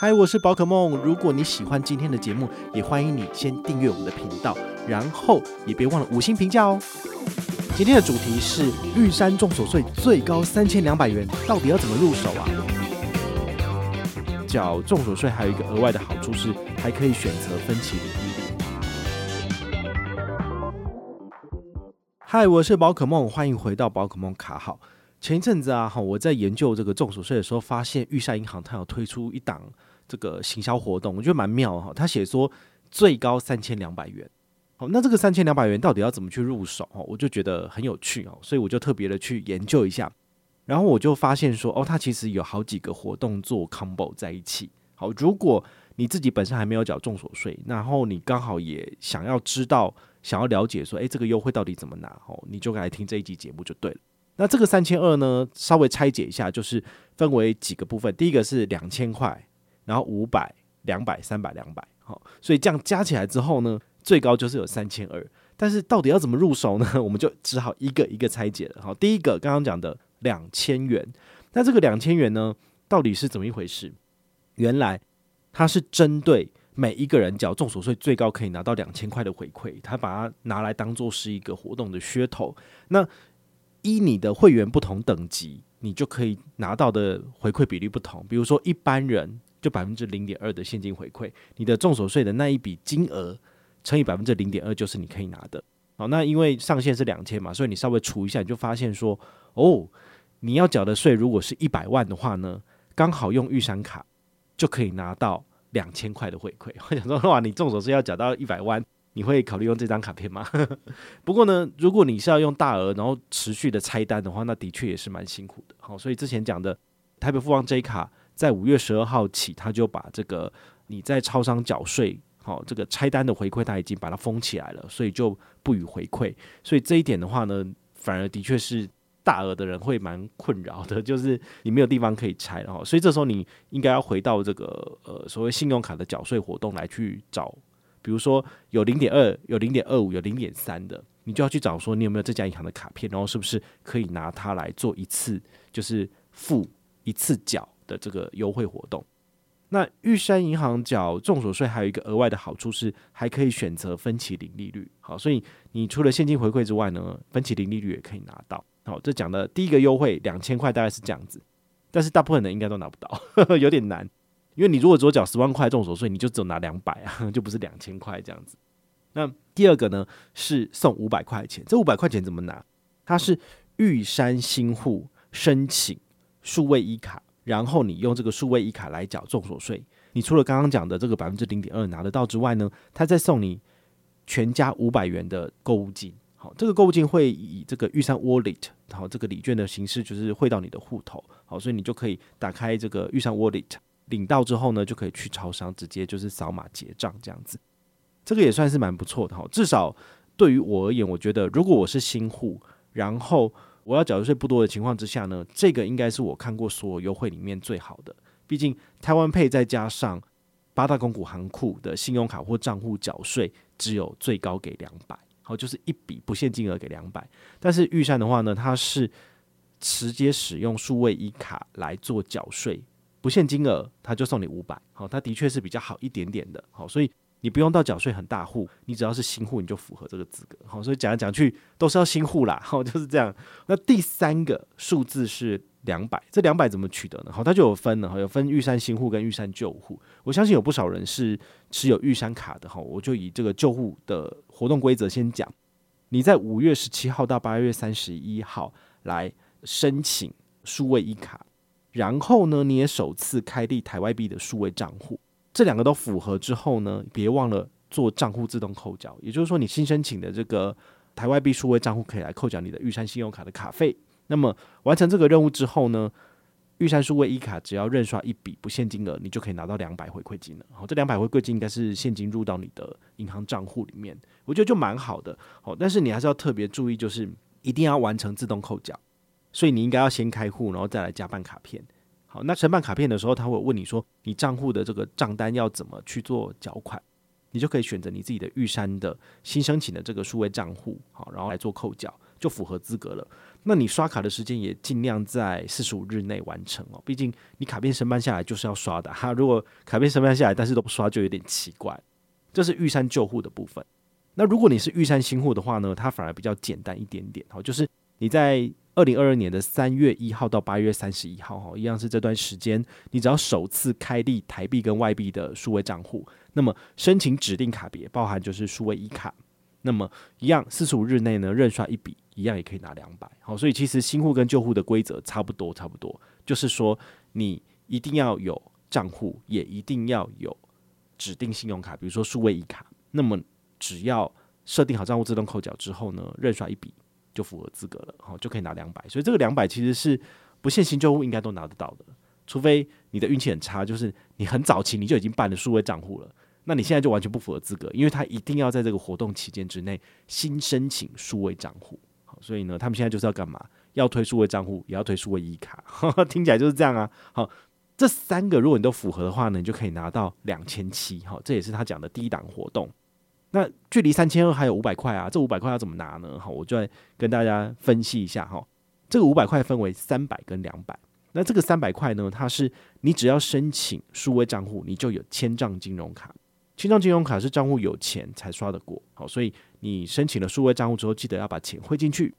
嗨，我是寶可孟。如果你喜歡今天的節目，也歡迎你先訂閱我們的頻道，然後也別忘了五星評價哦。今天的主題是玉山綜所稅最高三千兩百元，到底要怎麼入手啊？繳綜所得稅還有一個額外的好處是，還可以選擇分期領。嗨，我是寶可孟，歡迎回到寶可孟卡好。前一陣子啊，哈，我在研究這個綜所稅的時候，發現玉山銀行它有推出一檔這個行銷活動，我覺得蠻妙哈。他寫說最高三千兩百元，好，那這個三千兩百元到底要怎麼去入手哦？我就覺得很有趣哦，所以我就特別的去研究一下，然後我就發現說，哦，它其實有好幾個活動做 combo 在一起。好，如果你自己本身還沒有繳綜所稅，然後你剛好也想要知道、想要了解說，誒、欸，這個優惠到底怎麼拿哦，你就來聽這一集節目就對了。那這個三千二呢，稍微拆解一下，就是分為幾個部分。第一個是兩千塊，然後五百、兩百、三百、兩百，好，所以這樣加起來之後呢，最高就是有三千二。但是到底要怎麼入手呢？我們就只好一個一個拆解了。好、哦，第一個剛剛講的兩千元，那這個兩千元呢，到底是怎麼一回事？原來它是針對每一個人繳綜所稅最高可以拿到兩千塊的回饋，他把它拿來當做是一個活動的噱頭。那依你的會員不同等級，你就可以拿到的回饋比例不同。比如說一般人就百分之零點二的現金回饋，你的綜所稅的那一筆金額乘以百分之零點二就是你可以拿的。好、哦，那因為上限是兩千嘛，所以你稍微除一下，你就發現說，哦，你要繳的稅如果是一百萬的話呢，剛好用玉山卡就可以拿到兩千塊的回饋。我想說哇，你綜所稅要繳到一百萬。你會考慮用這張卡片嗎？ 不過呢，如果你是要用大額然後持續的拆單的話，那的確也是蠻辛苦的。好、哦，所以之前講的台北富邦 J 卡在五月十二號起，它就把這個你在超商繳稅，好、哦，這個拆單的回饋它已經把它封起來了，所以就不予回饋。所以這一點的話呢，反而的確是大額的人會蠻困擾的，就是你沒有地方可以拆，然、哦、所以這時候你應該要回到這個呃所謂信用卡的繳稅活動來去找。比如說有零點二，有零點二五，有零點三的，你就要去找說你有沒有這家銀行的卡片，然後是不是可以拿它來做一次，就是付一次繳的這個優惠活動。那玉山銀行繳，綜所稅還有一個額外的好處是還可以選擇分期零利率。好，所以你除了現金回饋之外呢，分期零利率也可以拿到。好，這講的第一個優惠兩千塊大概是這樣子，但是大部分人應該都拿不到， 有點難。因為你如果繳十萬塊綜所稅，你就只有拿兩百啊，就不是兩千塊這樣子。那第二個呢是送五百塊錢，這五百塊錢怎麼拿？它是玉山新戶申請數位 e 卡，然後你用這個數位 e 卡來繳綜所稅。你除了剛剛講的這個百分之零點二拿得到之外呢，他再送你全家五百元的購物金。好，這個購物金會以這個玉山 Wallet，然後這個禮券的形式，就是匯到你的戶頭。好，所以你就可以打開這個玉山 Wallet。領到之後呢，就可以去超商直接就是掃碼結賬這樣子，這個也算是蠻不錯的哈。至少對於我而言，我覺得如果我是新戶，然後我要繳稅不多的情況之下呢，這個應該是我看過所有優惠裡面最好的。畢竟台灣 Pay 再加上八大公股行庫的信用卡或賬戶繳稅，只有最高給兩百，好，就是一筆不限金額給兩百。但是玉山的話呢，它是直接使用數位 e 卡來做繳稅。不限金額，他就送你五百。好，他的確是比較好一點點的。好，所以你不用到繳稅很大戶，你只要是新戶你就符合這個資格。好，所以講來講去都是要新戶啦。好，就是這樣。那第三個數字是兩百，這兩百怎麼取得呢？好，它就有分了。好，有分玉山新戶跟玉山舊戶。我相信有不少人是持有玉山卡的。哈，我就以這個舊戶的活動規則先講：你在五月十七號到八月三十一號來申請數位 e 卡。然後呢，你也首次開立台外幣的數位賬戶，這兩個都符合之後呢，別忘了做賬戶自動扣繳，也就是說，你新申請的這個台外幣數位賬戶可以來扣繳你的玉山信用卡的卡費。那麼完成這個任務之後呢，玉山數位 e 卡只要認刷一筆，不限金額，你就可以拿到兩百回饋金了。好，這兩百回饋金應該是現金入到你的銀行賬戶裡面，我覺得就蠻好的。好，但是你還是要特別注意，就是一定要完成自動扣繳。所以你應該要先開戶，然後再來加辦卡片。好，那申辦卡片的時候，他會問你說，你賬戶的這個賬單要怎麼去做繳款？你就可以選擇你自己的玉山的新申請的這個數位賬戶，好，然後來做扣繳，就符合資格了。那你刷卡的時間也儘量在四十五日內完成哦，畢竟你卡片申辦下來就是要刷的哈。如果卡片申辦下來但是都不刷，就有點奇怪。這是玉山舊戶的部分。那如果你是玉山新戶的話呢，它反而比較簡單一點點。好，就是你在二零二二年的三月一號到八月三十一號，哈，一樣是這段時間。你只要首次開立台幣跟外幣的數位賬戶，那麼申請指定卡別，包含就是數位 e 卡，那麼一樣四十五日內呢，認刷一筆，一樣也可以拿兩百。好，所以其實新戶跟舊戶的規則差不多，差不多，就是說你一定要有賬戶，也一定要有指定信用卡，比如說數位 e 卡。那麼只要設定好賬戶自動扣繳之後呢，認刷一筆。就符合資格了，好、哦、就可以拿兩百，所以這個兩百其實是不限新舊戶應該都拿得到的，除非你的運氣很差，就是你很早期你就已經辦了數位賬戶了，那你現在就完全不符合資格，因為他一定要在這個活動期間之內新申請數位賬戶，好，所以呢，他們現在就是要幹嘛？要推數位賬戶，也要推數位一、e、卡，呵呵，聽起來就是這樣啊。好、哦，這三個如果你都符合的話呢，你就可以拿到兩千七，好，這也是他講的第一檔活動。那距離三千二還有五百塊啊，這五百塊要怎麼拿呢？好，我就來跟大家分析一下哈。這個五百塊分為三百跟兩百。那這個三百塊呢，它是你只要申請數位賬戶，你就有簽帳金融卡。簽帳金融卡是賬戶有錢才刷得過，好，所以你申請了數位賬戶之後，記得要把錢匯進去。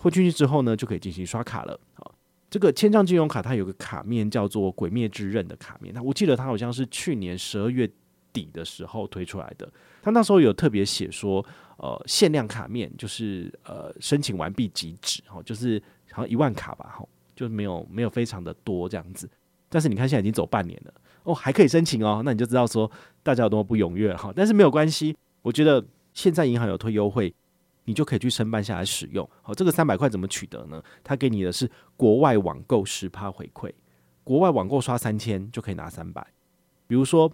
匯進去之後呢，就可以進行刷卡了。好，這個簽帳金融卡它有個卡面叫做《鬼滅之刃》的卡面，那我記得它好像是去年十二月。底的時候推出來的，他那時候有特別寫說，呃，限量卡面就是呃，申請完畢即止，哈、哦，就是好像一萬卡吧，哈、哦，就是沒有沒有非常的多這樣子。但是你看現在已經走半年了，哦，還可以申請哦，那你就知道說大家有多麼不踴躍哈。但是沒有關係，我覺得現在銀行有推優惠，你就可以去申辦下來使用。好、哦，這個三百塊怎麼取得呢？他給你的是國外網購十趴回饋，國外網購刷三千就可以拿三百，比如說。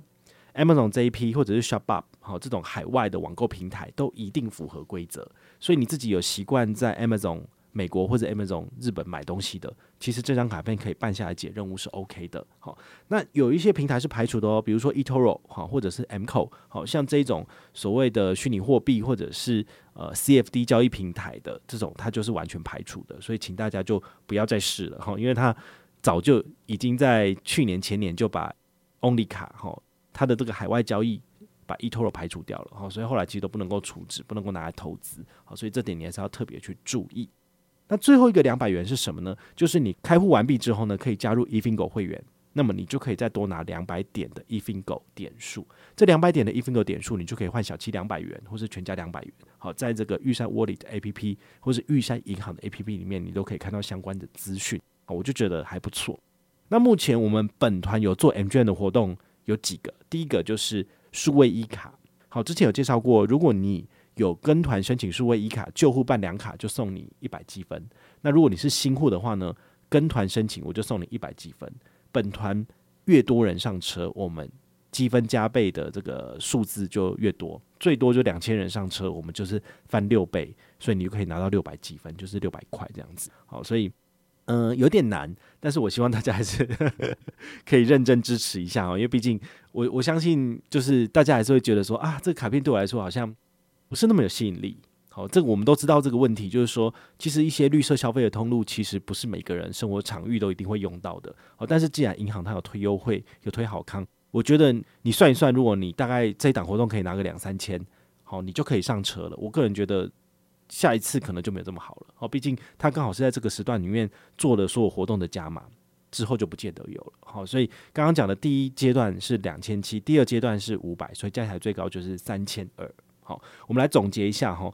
Amazon JP 或者是 Shop Up 好，這種海外的網購平台都一定符合規則，所以你自己有習慣在 Amazon 美國或者 Amazon 日本買東西的，其實這張卡片可以辦下來解任務是 OK 的。好，那有一些平台是排除的哦，比如說 Etoro 好，或者是 MCO 好像這種所謂的虛擬貨幣或者是呃 CFD 交易平台的這種，它就是完全排除的，所以請大家就不要再試了哈，因為它早就已經在去年前年就把 Only 卡哈。它的這個海外交易把 eToro 排除掉了，所以後來其實都不能夠處置，不能夠拿來投資，好，所以這點你還是要特別去注意。那最後一個兩百元是什麼呢？就是你開戶完畢之後呢，可以加入 eFingo 會員，那麼你就可以再多拿兩百點的 eFingo 點數。這兩百點的 eFingo 點數，你就可以換小七兩百元，或是全家兩百元。好，在這個玉山 Wallet 的 APP，或是玉山銀行的 APP 裡面，你都可以看到相關的資訊。我就覺得還不錯。那目前我們本團有做 MGM 的活動。有幾個，第一個就是數位 e 卡。好，之前有介紹過，如果你有跟團申請數位 e 卡，舊戶辦兩卡就送你一百積分。那如果你是新戶的話呢，跟團申請我就送你一百積分。本團越多人上車，我們積分加倍的這個數字就越多，最多就兩千人上車，我們就是翻六倍，所以你就可以拿到六百積分，就是六百塊這樣子。好，所以。嗯，有點難，但是我希望大家還是呵呵可以認真支持一下哦，因為畢竟我我相信，就是大家還是會覺得說啊，這個卡片對我來說好像不是那麼有吸引力。好，這個我們都知道這個問題，就是說，其實一些綠色消費的通路，其實不是每個人生活場域都一定會用到的。好，但是既然銀行它有推優惠，有推好康，我覺得你算一算，如果你大概這一檔活動可以拿個兩三千，好，你就可以上車了。我個人覺得。下一次可能就沒有這麼好了哦，畢竟他剛好是在這個時段裡面做了所有活動的加碼，之後就不見得有了。好，所以剛剛講的第一階段是兩千七，第二階段是五百，所以加起來最高就是三千二。好，我們來總結一下哈，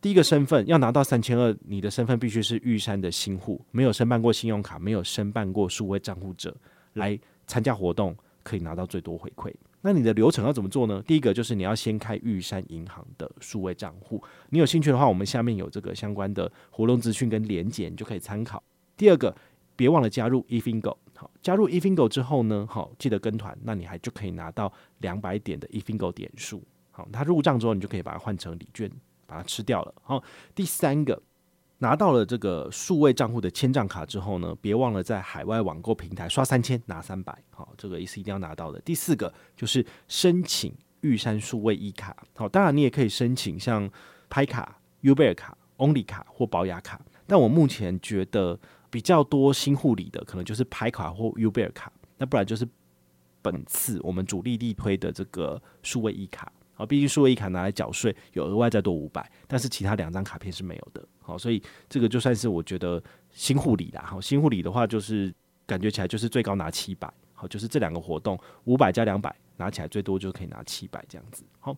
第一個身份要拿到三千二，你的身份必須是玉山的新戶，沒有申辦過信用卡，沒有申辦過數位賬戶者，來參加活動可以拿到最多回饋。那你的流程要怎麼做呢？第一個就是你要先開玉山銀行的數位賬戶，你有興趣的話，我們下面有這個相關的活動資訊跟連結，你就可以參考。第二個，別忘了加入 eFingo，好，加入 eFingo 之後呢，好，記得跟團，那你還就可以拿到兩百點的 eFingo 點數，好，它入賬之後，你就可以把它換成禮券，把它吃掉了。好，第三個。拿到了這個數位賬戶的簽賬卡之後呢，別忘了在海外網購平台刷三千拿三百，好，這個也是一定要拿到的。第四個就是申請玉山數位 e 卡，好、哦，當然你也可以申請像拍卡、Uber 卡、only 卡或寶雅卡，但我目前覺得比較多新護理的可能就是拍卡或 Uber 卡，那不然就是本次我們主力力推的這個數位 e 卡。啊，畢竟數位 e 卡拿來繳稅有額外再多五百，但是其他兩張卡片是沒有的。好，所以這個就算是我覺得新戶禮啦。好，新戶禮的話就是感覺起來就是最高拿七百。好，就是這兩個活動五百加兩百拿起來最多就可以拿七百這樣子。好。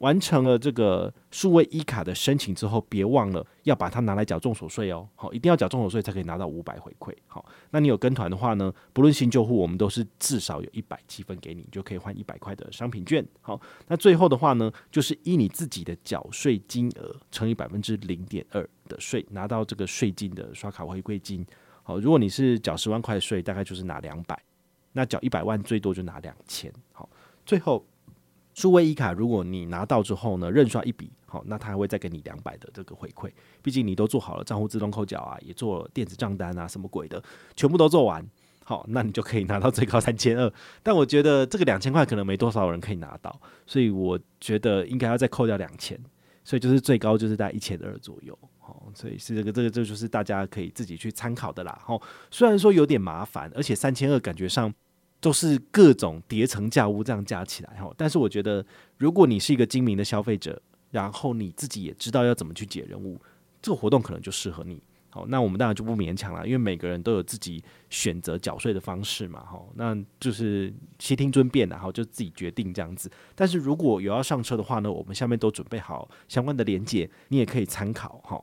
完成了這個數位 e 卡的申請之後，別忘了要把它拿來繳綜所稅哦。好，一定要繳綜所稅才可以拿到五百回饋。好，那你有跟團的話呢，不論新舊戶，我們都是至少有一百積分給你，你就可以換一百塊的商品券。好，那最後的話呢，就是依你自己的繳稅金額乘以百分之零點二的稅，拿到這個稅金的刷卡回饋金。好，如果你是繳十萬塊的稅，大概就是拿兩百；那繳一百萬，最多就拿兩千。好，最後。數位 e 卡，如果你拿到之後呢，任刷一筆，好，那他還會再給你兩百的這個回饋。畢竟你都做好了賬戶自動扣繳啊，也做了電子賬單啊，什麼鬼的，全部都做完，好，那你就可以拿到最高三千二。但我覺得這個兩千塊可能沒多少人可以拿到，所以我覺得應該要再扣掉兩千，所以就是最高就是在一千二左右。好，所以是這個這個這就是大家可以自己去參考的啦。好，雖然說有點麻煩，而且三千二感覺上，都是各種疊層架屋這樣加起來哈，但是我覺得如果你是一個精明的消費者，然後你自己也知道要怎麼去解任務，這個活動可能就適合你。好，那我們當然就不勉強了，因為每個人都有自己選擇繳稅的方式嘛哈，那就是悉聽尊便，然後就自己決定這樣子。但是如果有要上車的話呢，我們下面都準備好相關的連結，你也可以參考哈。